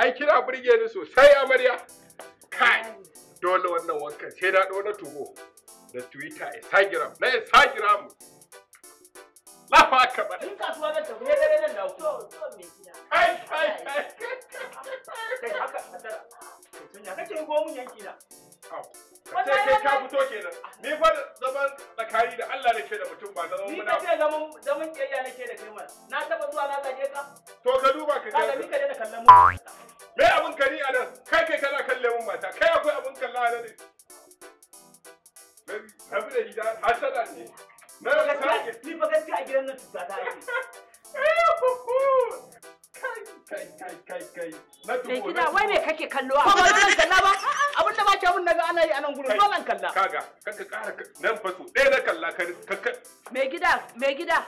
ai kina burge ni sosai amarya kai dole wannan wankan sai na na tugo da twitter instagram na instagram lafa aka ba in kasuwa na tafi ne dare nan da ku kai kai kai kai haka hadara tun ya kake go mun yanki na Wata kai ka fito kenan. Ni fa zaman tsakani da Allah nake da mutum ba zaman muna. Ni kace zaman zaman kiyaya nake da kai mana. Na taba zuwa na zage ka. To ka duba ka ga. Ka da ni ka da kallon mu. gani a nan kai kai kana kalle mun mata kai akwai abin kalla a nan gida wai me kake kallo a ba ba abin da ba ke naga yi a nan gurin kalla me gida me gida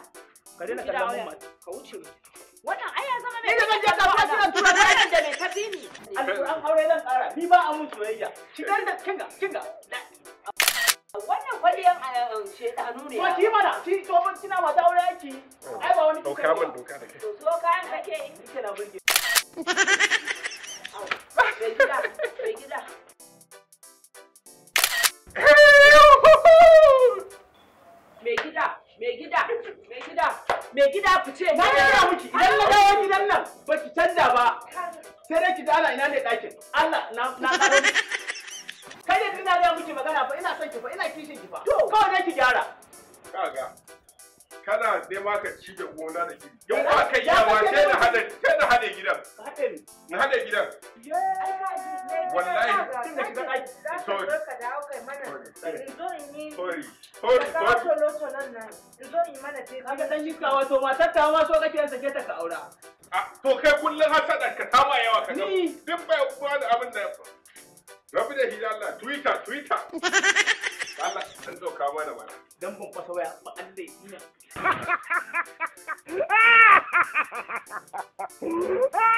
ka daina kallon mun mata ka wuce wannan ai zama me ka ji ni alƙur'an aure zan ƙara ni ba a mun soyayya shigar da kinga kinga wannan kwaliyan shedanu ne to ki mana ki to mun kina mata aure aiki ai ba wani doka man doka da ke to so kake in kina burge gida bai gida mai gida fice na gida miki idan na dawo gidan nan ba baki canza ba sai dai ki dala ina ne ɗakin Allah na na karo ne da miki magana fa ina son ki fa ina kishin ki fa kawai dai ki gyara kaga kana nema ka ci da gona da gidi yau ba kai yawa sai na hada sai na hada gidan na hada gidan wallahi sorry sorry sorry sorry sorry mana te kaga dan yi kawa to matar ta ma so kake sake ta ka aura To kai kullum harsada ka sama yawa ka ga duk bai uwa da abin da rabu da hijira Allah Twitter Twitter. Allah dan dauka mana mana. Dan ban fasa waya ba Allah ina.